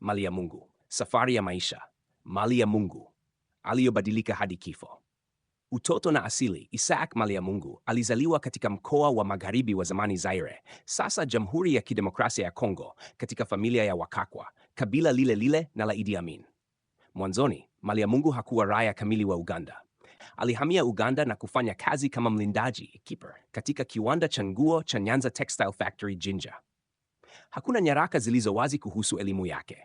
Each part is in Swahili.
mali ya Mungu, safari ya maisha, mali ya Mungu aliyobadilika hadi kifo. Utoto na asili. Isaac mali ya Mungu alizaliwa katika mkoa wa magharibi wa zamani Zaire, sasa Jamhuri ya Kidemokrasia ya Kongo, katika familia ya Wakakwa, kabila lile lile na la Idi Amin. Mwanzoni mali ya Mungu hakuwa raia kamili wa Uganda. Alihamia Uganda na kufanya kazi kama mlindaji keeper katika kiwanda cha nguo cha Nyanza Textile Factory Jinja. Hakuna nyaraka zilizo wazi kuhusu elimu yake,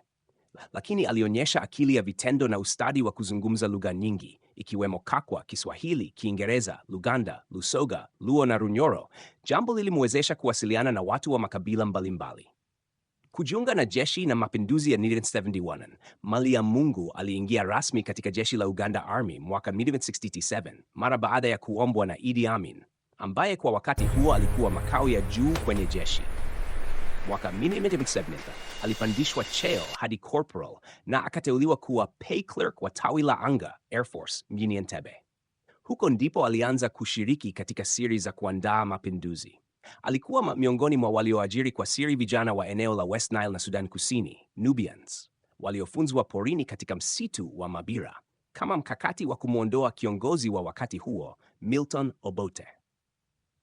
lakini alionyesha akili ya vitendo na ustadi wa kuzungumza lugha nyingi, ikiwemo Kakwa, Kiswahili, Kiingereza, Luganda, Lusoga, Luo na Runyoro, jambo lilimwezesha kuwasiliana na watu wa makabila mbalimbali. Kujiunga na jeshi na mapinduzi ya 1971, Mali ya Mungu aliingia rasmi katika jeshi la Uganda Army mwaka 1967 mara baada ya kuombwa na Idi Amin ambaye kwa wakati huo alikuwa makao ya juu kwenye jeshi mwaka 1970 alipandishwa cheo hadi corporal na akateuliwa kuwa pay clerk wa tawi la anga Air Force mjini Entebbe. Huko ndipo alianza kushiriki katika siri za kuandaa mapinduzi. Alikuwa miongoni mwa walioajiri kwa siri vijana wa eneo la West Nile na Sudan Kusini, Nubians, waliofunzwa porini katika msitu wa Mabira kama mkakati wa kumwondoa kiongozi wa wakati huo Milton Obote.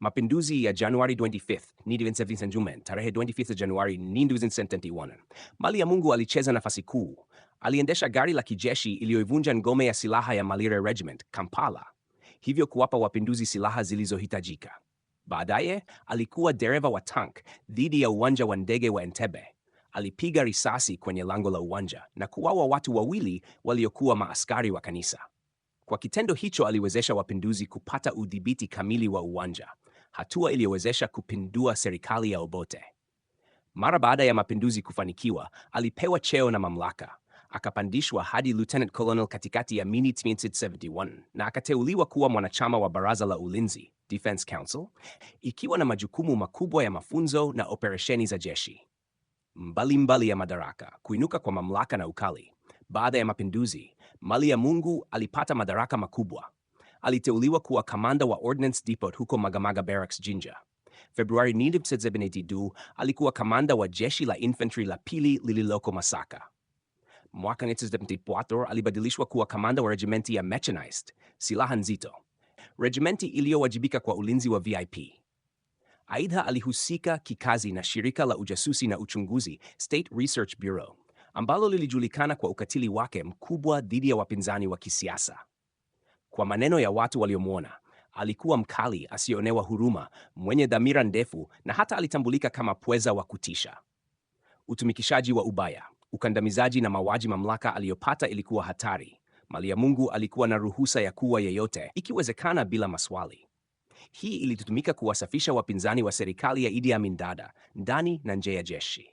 Mapinduzi ya Januari 25 1970 Njumen, tarehe 25 Januari 1971. Mali ya Mungu alicheza nafasi kuu. Aliendesha gari la kijeshi iliyoivunja ngome ya silaha ya Malire Regiment Kampala, hivyo kuwapa wapinduzi silaha zilizohitajika. Baadaye alikuwa dereva wa tank dhidi ya uwanja wa ndege wa Entebbe. Alipiga risasi kwenye lango la uwanja na kuwawa watu wawili waliokuwa maaskari wa kanisa. Kwa kitendo hicho aliwezesha wapinduzi kupata udhibiti kamili wa uwanja hatua iliyowezesha kupindua serikali ya Obote. Mara baada ya mapinduzi kufanikiwa, alipewa cheo na mamlaka, akapandishwa hadi lieutenant colonel katikati ya mini 1971 na akateuliwa kuwa mwanachama wa baraza la ulinzi Defense Council, ikiwa na majukumu makubwa ya mafunzo na operesheni za jeshi mbalimbali mbali ya madaraka. Kuinuka kwa mamlaka na ukali baada ya mapinduzi, Mali ya Mungu alipata madaraka makubwa aliteuliwa kuwa kamanda wa Ordnance Depot huko Magamaga Barracks Jinja. Februari 1972 alikuwa kamanda wa jeshi la infantry la pili lililoko Masaka. Mwaka 1974 alibadilishwa kuwa kamanda wa regimenti ya mechanized, silaha nzito, regimenti iliyowajibika kwa ulinzi wa VIP. Aidha, alihusika kikazi na shirika la ujasusi na uchunguzi State Research Bureau ambalo lilijulikana kwa ukatili wake mkubwa dhidi ya wapinzani wa kisiasa kwa maneno ya watu waliomwona. Alikuwa mkali, asiyoonewa huruma, mwenye dhamira ndefu, na hata alitambulika kama pweza wa kutisha. Utumikishaji wa ubaya, ukandamizaji na mauaji. Mamlaka aliyopata ilikuwa hatari. Mali ya Mungu alikuwa na ruhusa ya kuwa yeyote, ikiwezekana bila maswali. Hii ilitutumika kuwasafisha wapinzani wa serikali ya Idi Amin Dada ndani na nje ya jeshi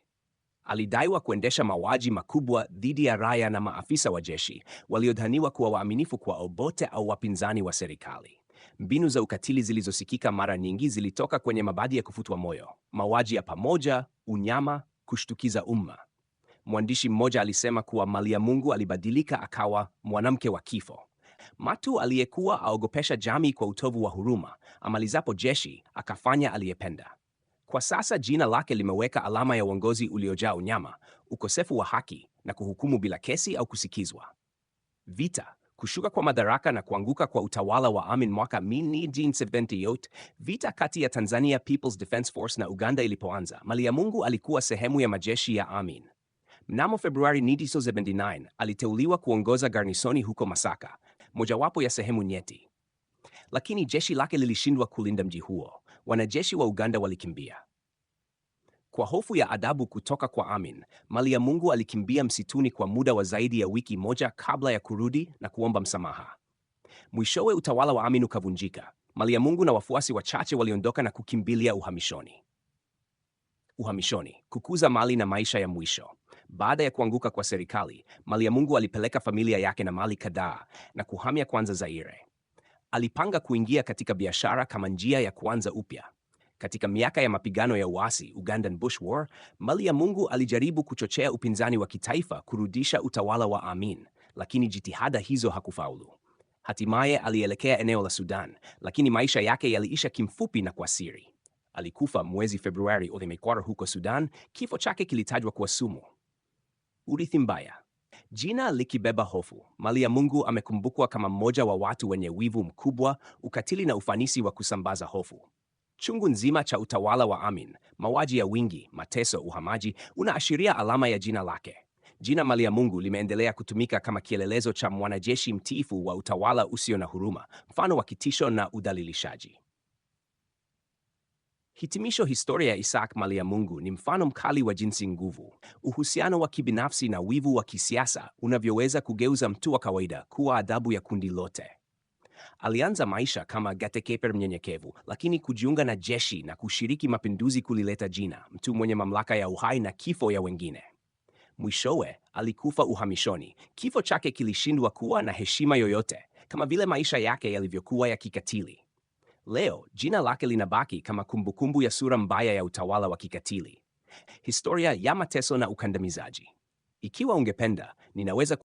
alidaiwa kuendesha mauaji makubwa dhidi ya raia na maafisa wa jeshi waliodhaniwa kuwa waaminifu kwa Obote au wapinzani wa serikali. Mbinu za ukatili zilizosikika mara nyingi zilitoka kwenye mabadi ya kufutwa moyo, mauaji ya pamoja, unyama, kushtukiza umma. Mwandishi mmoja alisema kuwa Maliamungu alibadilika akawa mwanamke wa kifo. Matu aliyekuwa aogopesha jamii kwa utovu wa huruma, amalizapo jeshi akafanya aliyependa. Kwa sasa jina lake limeweka alama ya uongozi uliojaa unyama, ukosefu wa haki na kuhukumu bila kesi au kusikizwa. Vita, kushuka kwa madaraka na kuanguka kwa utawala wa Amin mwaka 1978. Vita kati ya Tanzania People's Defence Force na Uganda ilipoanza, Maliyamungu alikuwa sehemu ya majeshi ya Amin. Mnamo Februari 1979 aliteuliwa kuongoza garnisoni huko Masaka, mojawapo ya sehemu nyeti, lakini jeshi lake lilishindwa kulinda mji huo wanajeshi wa Uganda walikimbia kwa hofu ya adhabu kutoka kwa Amin. mali ya Mungu alikimbia msituni kwa muda wa zaidi ya wiki moja kabla ya kurudi na kuomba msamaha. Mwishowe utawala wa Amin ukavunjika. mali ya Mungu na wafuasi wachache waliondoka na kukimbilia uhamishoni. Uhamishoni, kukuza mali na maisha ya mwisho. Baada ya kuanguka kwa serikali, mali ya Mungu alipeleka familia yake na mali kadhaa na kuhamia kwanza Zaire. Alipanga kuingia katika biashara kama njia ya kuanza upya. Katika miaka ya mapigano ya uasi, Ugandan Bush War, Mali ya Mungu alijaribu kuchochea upinzani wa kitaifa kurudisha utawala wa Amin, lakini jitihada hizo hakufaulu. Hatimaye alielekea eneo la Sudan, lakini maisha yake yaliisha kimfupi na kwa siri. Alikufa mwezi Februari ulimekwara huko Sudan. Kifo chake kilitajwa kuwa sumu. Urithi mbaya. Jina likibeba hofu, mali ya Mungu amekumbukwa kama mmoja wa watu wenye wivu mkubwa, ukatili na ufanisi wa kusambaza hofu. Chungu nzima cha utawala wa Amin, mawaji ya wingi, mateso, uhamaji, unaashiria alama ya jina lake. Jina mali ya Mungu limeendelea kutumika kama kielelezo cha mwanajeshi mtiifu wa utawala usio na huruma, mfano wa kitisho na udhalilishaji. Hitimisho, historia ya Isaac maliyamungu ni mfano mkali wa jinsi nguvu, uhusiano wa kibinafsi na wivu wa kisiasa unavyoweza kugeuza mtu wa kawaida kuwa adabu ya kundi lote. Alianza maisha kama gatekeeper mnyenyekevu, lakini kujiunga na jeshi na kushiriki mapinduzi kulileta jina, mtu mwenye mamlaka ya uhai na kifo ya wengine. Mwishowe alikufa uhamishoni. Kifo chake kilishindwa kuwa na heshima yoyote, kama vile maisha yake yalivyokuwa ya kikatili. Leo jina lake linabaki kama kumbukumbu ya sura mbaya ya utawala wa kikatili, historia ya mateso na ukandamizaji. Ikiwa ungependa, ninaweza